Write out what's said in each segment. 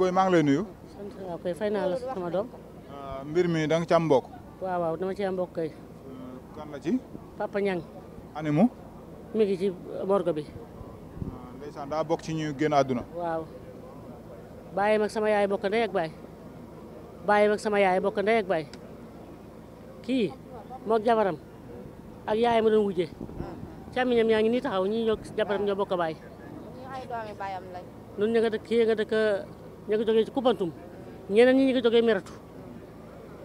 booy maa ngi lay nuyu. sant naa la sama doom. Ah, mbir mi da nga ci am mbokk. waaw waaw dama ci am mbokk kay. Eh, kan la ci. papa Niang. ani mi ngi ci morgue bi. Ah, ndeysaan daa bokk ci ñu génn àdduna. waaw bàyyi mag sama yaay bokk ndey ak baay bàyyi mag sama yaay bokk ndey ak baay kii moog jabaram ak yaay ma doon wujje càmmiñam yaa ngi nii taxaw ñii ñoo jabaram ñoo bokk baay. ñun ñu dëkk kii nga dëkk. ñu joge ci Koupantoum ñeneen ñi ñu ngi jógee Meratu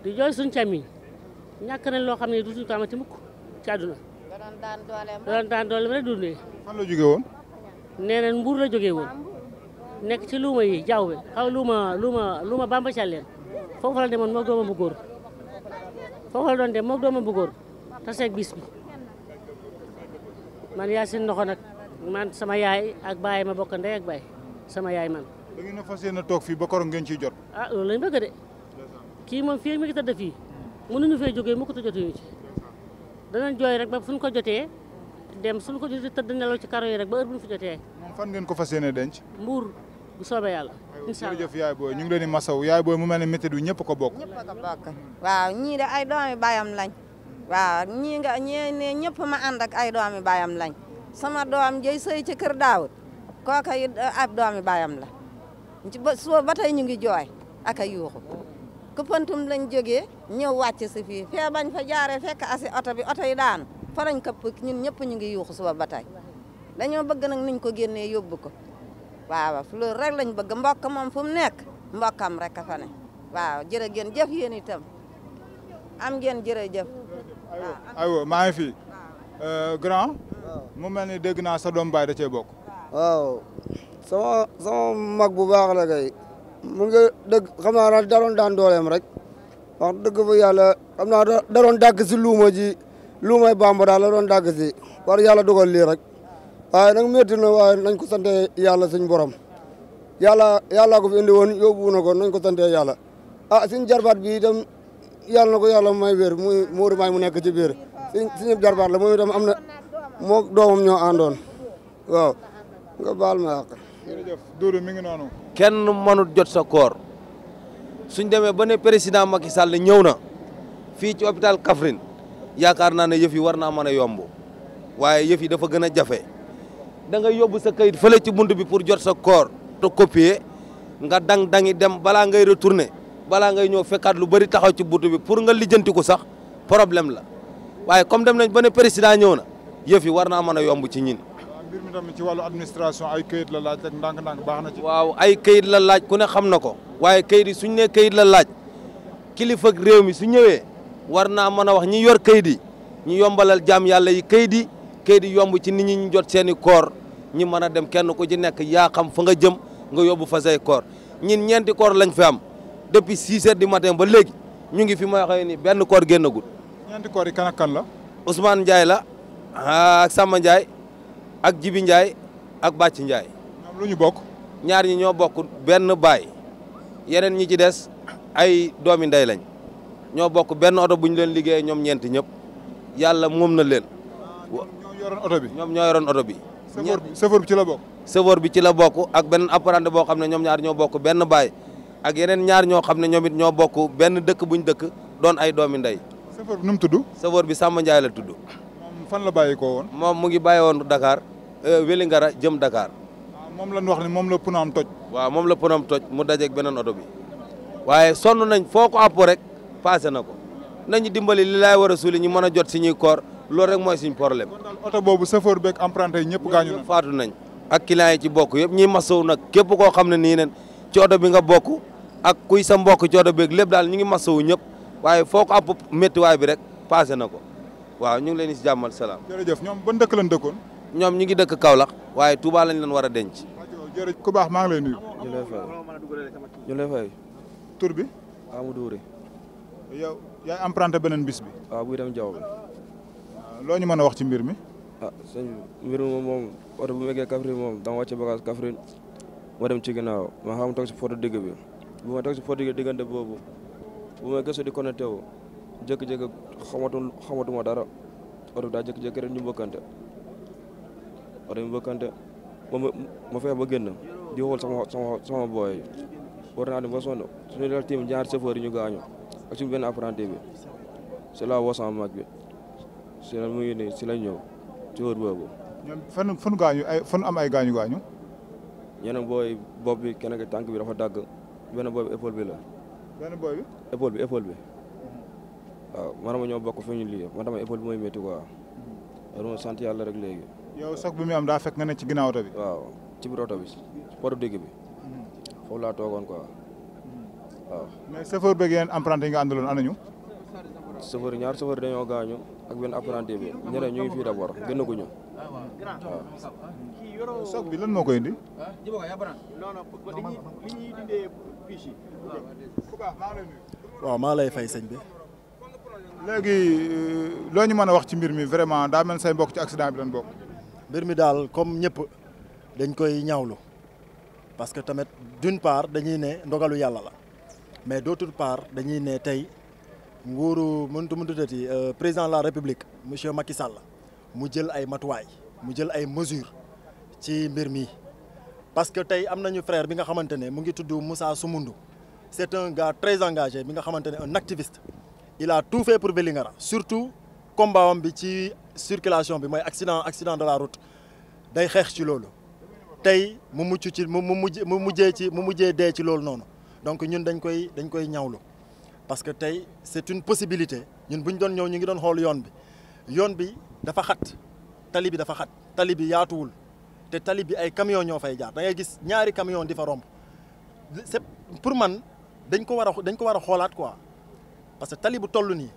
di jooy suñu càmmiñ ñàkk nañ loo xam ne dutuñu ko amati mukk ci àdduna. da doon daan dooleem rek dundee. fan la joge woon. nekk ci luuma yi jaww bi xaw luuma luuma luuma Bamba Thialène foofu demoon moog doomam bu góor foofu la doon dem moog doomam bu góor taseeg bis bi man yaa seen ndoxo nag man sama yaay ak baay ma bokk ndey ak baay sama yaay man. da ngeen a fas yéene toog fii ba koroog ngeen ciy jot. ah loolu lañ bëgg de kii moom fii ak mi ngi tëdd fii mënuñu fee jógee mu ko jotuñu ci danañ jooy rek ba fu ñu ko jotee dem suñu ko jotee tëdd nelaw ci karo yi rek ba heure bu ñu fi jotee. fan ngeen ko fas yéene denc. mbuur bu soobee yàlla. incha allah jërëjëf yaay booy ñu ngi leen di masaw yaay booy mu mel ne métti du ñëpp ko bokk. ñëpp ko waaw ñii de ay doomi baayam lañ. waaw ñii nga ñee ne ñëpp ma ànd ak ay doomi baayam lañ sama doom jëy sëy ci kër Daawut kooka it eh, ab baayam la ba suba ba tey ñu ngi jooy ak a yuuxu këppantum lañ joge ñëw wàcc si fii fee bañ fa jaaree fekk asi oto bi oto yi daanu farañ këpp ñun ñëpp ñu ngi yuuxu suba ba tey dañoo bëgg nag niñ ko génnee yóbbu ko waaw loolu rek lañ bëgg mbokk moom fu mu nekk mbokkam rek a fa ne jërë ngeen jëf yéen itam am ngeen jërëjëf. aywa maa fi euh, grand. mu mel ni dégg naa sa doom baay da cee bokk. sama sama mag bu baax la kay mu nga dëgg xam naa daan dooleem rek wax dëgg fa yàlla xam naa daroon dàkk si luuma ji luumay bamba daal la doon dàkk si war yàlla dugal lii rek waaye nag métti na waaye nañ ko sante yàlla suñ borom yàlla yàlla ko fi indi woon yóbbu na ko nañ ko sante yàlla ah jarbaat bi itam yàlla na ko yàlla may wér mu muuri may mu nekk ci biir suñ suñu jarbaat la moom itam am na moo doomam ñoo àndoon waaw nga baal ma àq jërëjëf Doudou mi ngi noonu. kenn mënut jot sa koor suñ demee ba ne président Macky Sall ñëw na fii ci hôpital Kaffrine yaakaar naa ne yëf yi war naa mën a yomb waaye yëf yi dafa gën a jafe da nga yóbbu sa kayit fële ci bi pour jot sa koor. te copier nga dang dangi dem balaa ngay retourner balaa ngay ñëw fekkaat lu bëri taxaw ci buntu bi pour nga lijjanti ko sax problème la waaye comme dem nañ ba ne président ñëw yëf yi war naa yomb ci ñin mbir mi tamit ci wàllu administration ay kayit la laaj rek ndànk-ndànk baax na ci. waaw ay kayit la laaj ku ne xam na ko waaye kayit yi suñ ne kayit la laaj kilifa ak réew mi su ñëwee war naa mën a wax ñi yor kayit yi ñu yombalal jaam yàlla yi kayit yi kayit yi yomb ci nit ñi ñu jot koor ñi dem kenn ku ci nekk yaa xam fa nga jëm nga yóbbu fa say koor ñin ñeenti koor lañ fi am depuis 6 heures du matin ba ñu ngi fi may ni benn koor koor yi kan ak kan la. Ousmane Ndiaye la ah, ak Samba ak Jibi Ndiaye ak Bàcc njaay ñoom bokk. ñaar ñi ñoo bokk benn baay yeneen ñi ci des ay doomi ndey lañ ñoo bokk benn oto bu ñu leen liggéeye ñoom ñeent ñëp yàlla moom na leen. ñoo oto bi ñoom ñoo yoroon oto bi. chauffeur bi ci la bokk. chauffeur bi ci la bokk ak benn apprenti boo xam ne ñoom ñaar ñoo bokk benn baay ak yeneen ñaar ñoo xam ne ñoom it ñoo bokk benn dëkk buñ dëkk doon ay doomi ndey. chauffeur bi nu mu tudd. chauffeur bi Samba Ndiaye la tudd. moom fan la bàyyi ko woon. moom mu ngi bàyyi woon dakaar Wélingara euh, jëm Dakar. Ah, moom la ñu wax ni moom la pneu am toj. waaw moom la pneu am toj mu dajeeg beneen oto bi waaye sonn nañ foo ko àpp rek passé na ko nañu dimbali li laay war a suuli ñu mën jot si ñuy koor loolu rek mooy suñ problème. kon daal oto boobu chauffeur beeg emprunté yi ñëpp gaañu nañ faatu nañ. ak yi ci bokk yëpp ñi masawu nag képp koo xam ne nii neen ci oto bi nga bokk ak kuy sa mbokk ci oto beeg lépp daal ñu ngi masawu ñëpp waaye foo ko àpp méttiwaay bi rek passé na ko waaw ñu la leen si jàmmal salaam. ban dëkk ñom ñi ngi dëkk Kaolack waye Touba lañ leen wara denc. jërëjëf ku baax ma ngi lay nuyu. ñu lay fay ñu lay fay. tour bi. Amadou Wuri. yow yaay emprunter benen bis bi. waaw ah, buy dem jaw bi. Ah, lo ñu mëna wax ci mbir mi. ah señ mbir mi mom auto bu mu kafri mom moom dama wacce bagage kafri mo dem ci ginnaaw ma xam tok ci photo digg bi bu ma tok ci photo digg digënde bobu bu ma gëssu di connecté wu jëk jëk xamatu xamatu xamatuma dara auto da jëk jëk rek ñu bëkkante oto bi bëkkante ma ma fexe ba génn di xool sama sama sama booy war naa dem ba sonn suñu la tiim ñaari ñu gaañu ak suñu benn apprenti bi si la woo sama bi si la mu ngi nii si la ñëw chauffeur boobu. ñoom fan fan fan am ay gaañu gaañu. ñeneen booy bopp bi keneen tànk bi dafa dagg benn booy bi épaule bi la. benn booy bi. épaule bi épaule bi waaw man ma ñoo bokk fi ñu lii man dama épaule bi mooy métti quoi. Mm-hmm. loolu sant yàlla rek léegi. yow soog bi muy am daa fekk nga ne ci ginnaaw oto bi. waaw ci biir oto bi ci potu digg bi. Mm-hmm. foofu laa toogoon quoi mm-hmm. waaw. mais ñaar chauffeur dañoo ak benn apprenti bi ñu ngi fii d'abord gënaguñu waaw. soog bi lan moo koy indi. lay fay sëñ bi. léegi euh, loo ñu mën a wax ci mbir mi vraiment daa mel say mbokk ci accident bi lan bokk. Birmidal, comme ñep dañ koy ñaawlu parce que d'une part dañuy né ndogalu yalla la mais d'autre part dañuy euh, président de la république monsieur Macky Sall mu jël ay mu jël ay mesures ci mbir parce que frère Moussa c'est un gars très engagé un activiste il a tout fait pour Vélingara surtout combat circulation bi mooy accident accident de la route day xex ci loolu tay mu muccu ci mu mujjé ci mu mujjé dé ci loolu non donc ñun dañ koy dañ koy ñawlu parce que tay c'est une possibilité ñun buñ doon ñëw ñu ngi doon xol yoon bi yoon bi dafa xat tali bi dafa xat tali bi yaatuwul té tali bi ay camion ñoo fay jaar da ngay gis ñaari camion difa romb c'est pour man dañ ko wara dañ ko wara a quoi parce que tali bu tollu ni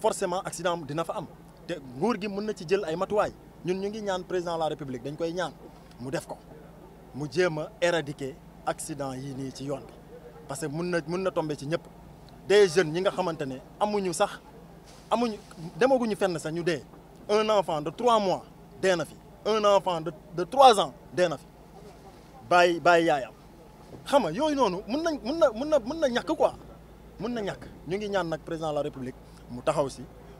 forcément accident dina fa am te nguur gi mën na ci jël ay matuwaay ñun ñu ngi ñaan président la république dañ koy ñaan mu def ko mu jéem a éradiquer accident yii nii ci yoon bi parce que mun na mun na tombe ci ñëpp des jeunes ñi nga xamante ne amuñu sax amuñu demaguñu fenn sax ñu dee un enfant de trois mois dee na fi un enfant de de trois ans dee na fi bàyyi bàyyi yaayam xam nga yooyu noonu mun nañ mun na mun na mun na ñàkk quoi mun na ñàkk ñu ngi ñaan nag président la république mu taxaw si.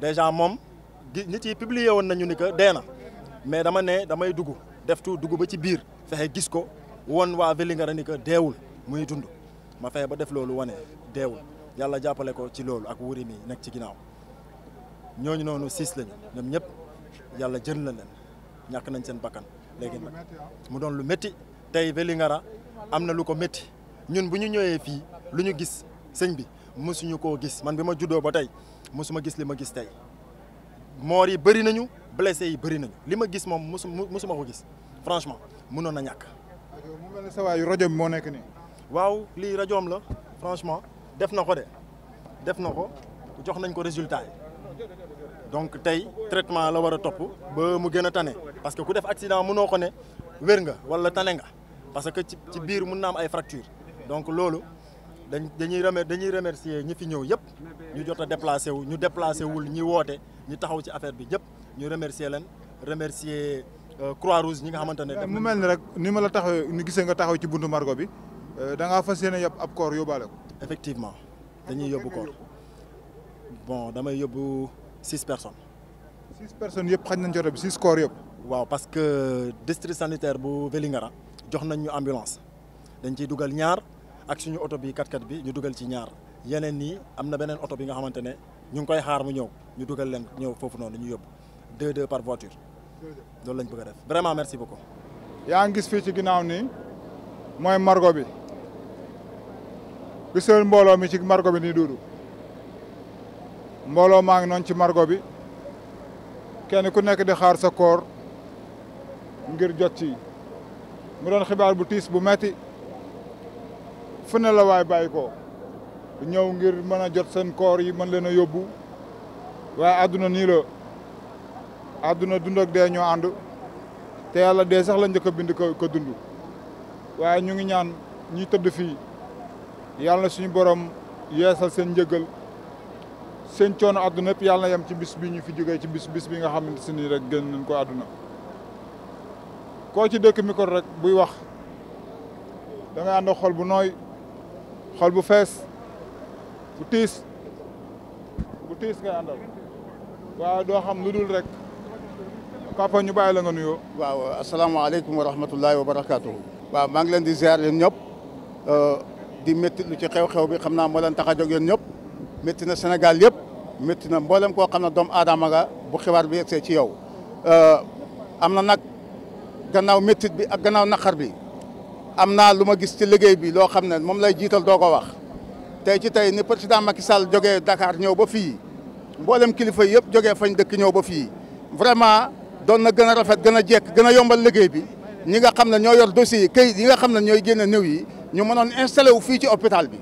déjà moom nit yi publier woon nañu ni que dee na mais dama ne damay dugg def tu dugg ba ci biir fexe gis ko woon waa Vélingara ni que deewul muy dund ma fexe ba def loolu wane deewul yàlla jàppale ko ci loolu ak wuri mi nekk ci ginnaaw ñooñu noonu six lañu ñoom ñëpp yàlla jën la leen ñàkk nañ seen bakkan léegi nag mu doon lu métti tey Vélingara am na lu ko métti ñun bu ñu ñëwee fii lu ñu gis sëñ bi mësuñu ko gis man bi ma juddoo ba tey mosuma gis li ma gis tay mort yi bëri nañu blessé yi bëri nañu li ma gis mom mosu ko gis franchement mënoon na ñàkk. mu mel sa waaw lii la franchement def nako ko de def nako jox nañ ko résultat donc tay traitement la wara top ba mu gën tané parce que ku def accident mënoo ko ne wér nga wala tané nga parce que ci biir mën na am ay fracture donc lolu dañuy remer dañuy remercier ñi fi ñëw yépp ñu jot a déplacé wu ñu déplacé wul ñi woote ñi taxaw ci affaire bi yëpp ñu remercier leen remercier euh, Croix Rouge ñi nga xamante ne. mu mel ni rek ni ma la taxaw ni gisee nga taxaw ci buntu Margo bi euh, da ngaa fas yéene yóbbu ab koor yóbbaale ko. effectivement dañuy yóbbu koor bon damay yóbbu six personnes. six personnes yëpp xaj nañ ci bi six koor yëpp. waaw parce que district sanitaire bu Vélingara jox nañ ñu ambulance dañ ciy dugal ñaar. ak suñu oto bi 4 x bi ñu dugal ci ñaar yeneen nii am na beneen oto bi nga xamante ne ñu ngi koy xaar mu ñëw ñu dugal leen ñëw foofu noonu ñu yóbbu deux deux par voiture loolu lañ bëgg a def vraiment merci ko yaa ngi gis fii ci ginnaaw nii mooy margo bi bi seen mbooloo mi ci margo bi nii duudu mbooloo maa ngi noonu ci margo bi kenn ku nekk di xaar sa koor ngir jot ci mu doon xibaar bu tiis bu metti fu la way bàyyi ko ñëw ngir mëna jot seen koor yi mën leena yobbu way aduna ni la àdduna dund ak dee and te yalla de sax lañu ko bind ko ko dund way ñu ngi ñaan ñi tëdd fi yalla suñu borom yeesal seen njëgal seen coono aduna yëpp yalla yam ci bis bi ñu fi ci bis bis bi nga xamanteni rek gën nañ ko aduna ko ci dekk mi ko rek buy wax da nga and xol bu noy xool bu fees bu tiis bu tiis ngay àndal waaw doo xam lu dul rek papa ñu bàyyi la nga waaw asalaamaaleykum wa rahmatullahi wa barakaatu. waaw maa ngi leen di ziar yéen ñëpp di métti lu ci xew-xew bi xam naa moo leen tax a ñëpp métti na Sénégal yëpp métti na mboolem koo xam na doom aadama nga bu xibaar bi yegsee ci yow am na nag gannaaw métti bi ak gannaaw naqar bi. amna luma gis ci liggéey bi lo xamne mom lay jital doo ko wax tay ci tay ni président Macky Sall joge Dakar ñëw ba fi mbollem kilifa yeb joge fañ dëkk ñëw ba fi vraiment don na gëna rafet gëna jek gëna yombal liggéey bi ñi nga xamne ño yor dossier kay yi nga xamne ñoy gëna new yi ñu mënon installé wu fi ci hôpital bi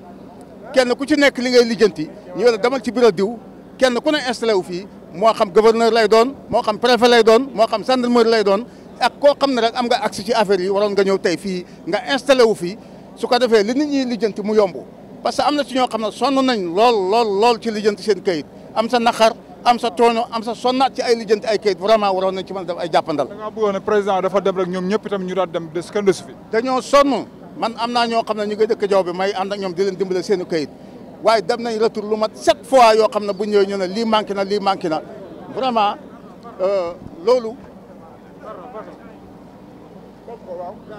kenn ku ci nekk li ngay lijjanti ñu wala damal ci bureau diw kenn ku ne installé wu fi mo xam gouverneur lay doon mo xam préfet lay doon mo xam gendarmerie lay doon ak koo xam ne rek am nga accès ci affaire yi waroon nga ñëw tey fii nga installé wu fii su ko defee li nit ñi lijjanti mu yomb parce que am na si ñoo xam ne sonn nañ lool lool lool ci lijjanti seen kayit am sa naqar am sa toono am sa sonnaat ci ay lijjanti ay kayit vraiment waroon nañ ci man a ay jàppandal. da ngaa bëggoon ne président dafa dem rek ñoom ñëpp itam ñu daal dem des kenn fi. dañoo sonn man am naa ñoo xam ne ñu ngi dëkk jaw bi may ànd ak ñoom di leen dimbale seen i kayit dem nañ retour lu mat sept fois yoo xam ne bu ñëwee ñu ne lii manqué na lii manqué na vraiment euh, loolu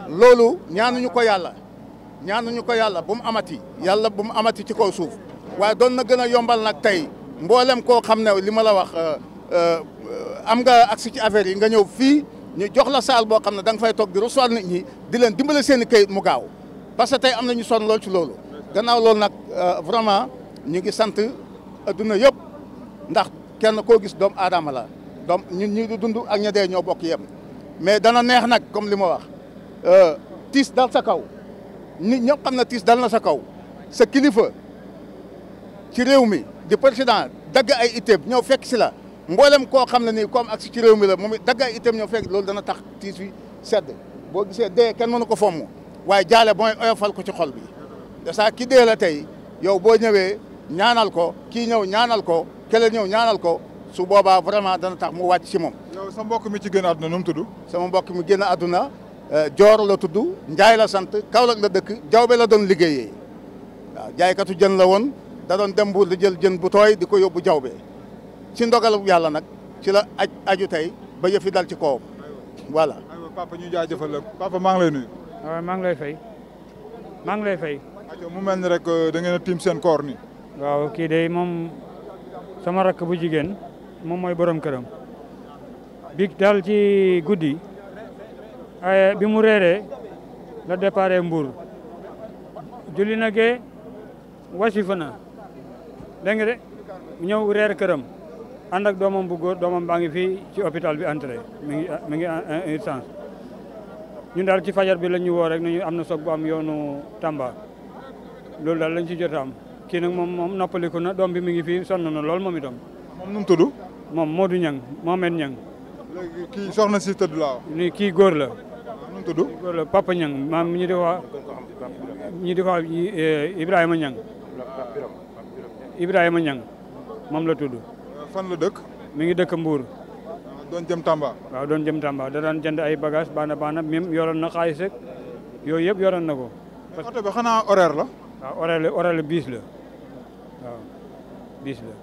loolu ñaanuñu ko yàlla ñaanuñu ko yàlla bu mu amati yàlla bu mu amati ci kaw suuf waaye doon na gën a yombal nag tey mboolem koo xam ne li ma la wax euh, euh, am nga agsi ci affaire yi nga ñëw fii ñu jox la saal boo xam ne da nga fay toog di recevoir nit ñi di leen dimbale seen i kayit mu gaaw parce que tey am na ñu sonn lool ci loolu. gannaaw loolu nag euh, vraiment ñu ngi sant adduna yëpp ndax kenn koo gis doomu aadama la. donc ñun ñi di dund ak ña dee ñoo bokk yem mais dana neex nag comme li ma wax euh, tiis dal sa kaw nit ñëpp xam na tiis dal na sa kaw sa kilifa ci réew mi di président dagg ay itteeb ñëw fekk si la mboolem koo xam ne nii comme ak si ci réew mi la moom it dagg ay itteeb ñëw fekk loolu dana tax tiis bi sedd boo gisee dee kenn mënu ko fomm waaye jaale mooy oyofal ko ci xol bi de saa ki dee la tey yow boo ñëwee ñaanal ko kii ñëw ñaanal ko kële ñëw ñaanal ko su boobaa vraiment dana tax mu wàcc ci moom. yow sa mbokk mi ci génn àdduna nu mu tudd. sama mbokk mi génn aduna eh, Joor la tudd Njaay la sant Kaolack la dëkk Jawbe la doon liggéeye waaw jaaykatu jën la woon da doon dem bu di jël jën bu tooy di ko yóbbu Jawbe ci ndogalu yàlla nag ci la aj aju tey ba yëfi dal ci kawam voilà. papa ñu jaajëfal la papa maa ngi lay nuyu. waaw maa ngi lay fay maa ngi lay fay. ajo mu mel ni rek eh, da ngeen a tiim seen koor ni waaw kii de moom sama rakk bu jigéen. mom moy borom kërëm big dal ci ay bi mu réré la déparé Mbour julina ge wasifana wasifa na ñew rër kërëm and ak domam bu goor domam baangi fi ci hôpital bi entré mi ngi mi ngi urgence ñu dal ci fajar bi lañu ñu rek ñu amna sok bu am yoonu Tamba lool dal lañ ci jot ki nak mom mom nopaliku na dom bi mi ngi fi sonna na lool momi dom mom num tuddu moom moo du Mohamed Niang. léegi kii kii góor la. nu mu tudd kii góor la Papa Niang maam ñu di wax ñu e, Ibrahima Niang. Ibrahima Niang moom la tudd. Euh, fan la dëkk. mi ngi dëkk mbuur euh, doon jëm Tamba. waaw doon jëm Tamba da daan jënd ay bagage baana baana même yoroon na xaalis rek yooyu yëpp yoron na ko. parce que bi xanaa horaire la. biis la waaw biis la.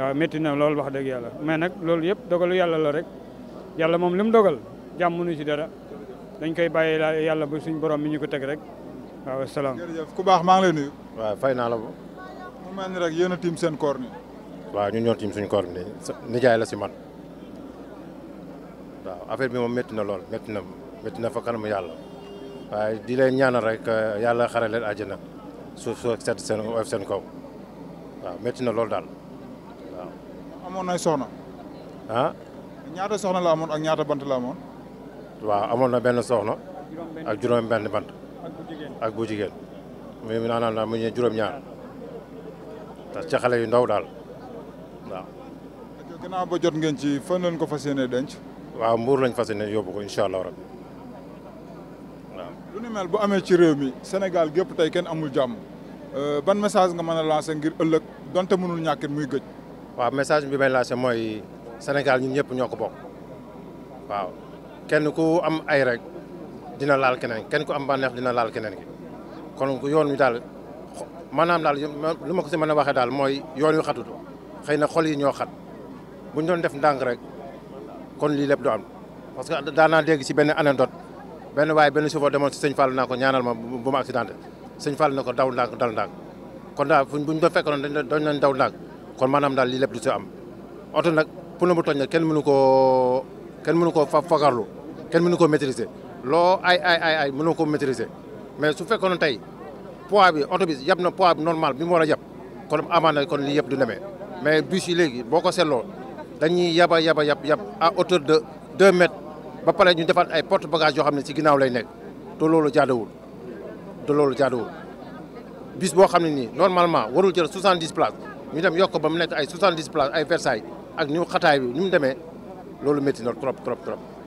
waaw metti na loolu wax dëgg yàlla mais nag loolu yëpp dogalu yàlla la rek yàlla moom li mu dogal jàmm nu ci dara dañ koy bàyyi la yàlla bu suñ borom mi ñu ko teg rek waaw salaam. ku baax maa ngi lay waa waaw fay naa la ko. mu rek yéen a tiim seen koor ni waaw ñun ñoo tiim suñu koor bi nijaay la si man waaw affaire bi moom metti na lool metti na métti na fa kanam yàlla waaye di leen ñaanal rek euh, yàlla xare leen àjjana suuf suuf set seen oyof seen kaw waaw métti na lool daal. amoon nay soxna. a ah? ñaata soxna la amoon ak ñaata bant la amoon. waaw amoon na benn soxna. ak juróom benn bant. ak bu jigéen ak bu jigéen. muy naan naa mu ñëw juróom ñaar. parce que xale yu ndaw daal waaw. gannaaw ba jot ngeen ci fan lañ ko fas yéene denc. waaw mbuur lañ fas yéene yóbbu ko incha waaw. lu ni mel bu amee ci réew mi Sénégal gépp tey kenn amul jàmm euh, ban message nga mën a lancer ngir ëllëg donte mënul ñàkkit muy gëj. waaw message bi may lancé mooy Sénégal ñun ñëpp ñoo ko bokk waaw kenn ku am ay rek dina laal keneen kenn ku am bànneex dina laal keneen gi kon yoon wi daal maanaam daal lu ma ko si mën a waxee daal mooy yoon wi xatut xëy na xol yi ñoo xat bu ñu doon def ndànk rek kon lii lépp du am parce que daanaa dégg si benn anecdote benn waaye benn chauffeur demoon si sëñ Fall naa ko ñaanal ma bu ma accidenté sëñ Fall na ko daw ndànk dal ndànk kon daal fuñ bu ñu ko fekkoon dañ doon daw ndànk kon manam dal li lepp du si am oto nag pneu bu togn ken kenn mënu koo kenn mënu koo fa fagarlu ken mënu ko maîtriser lo ay ay ay ay mënoo koo maîtriser mais su fekkone tay poids bi oto bi yab na poids bi normal bi mo wara yab kon amana kon li yëpp du demee mais bus yi léegi boko sello dañuy yaba yaba yab yab à hauteur de 2 mètres ba pare ñu defaat ay porte bagage yo xamné ci ginaaw lay nek to lolu jaadawul to lolu jaadawul bus bo xamné ni normalement warul jël 70 places ñu dem yokko ba mu nekk ay 70 places ay Versailles ak ni mu xataay bi ni mu demee loolu métti na trop trop trop.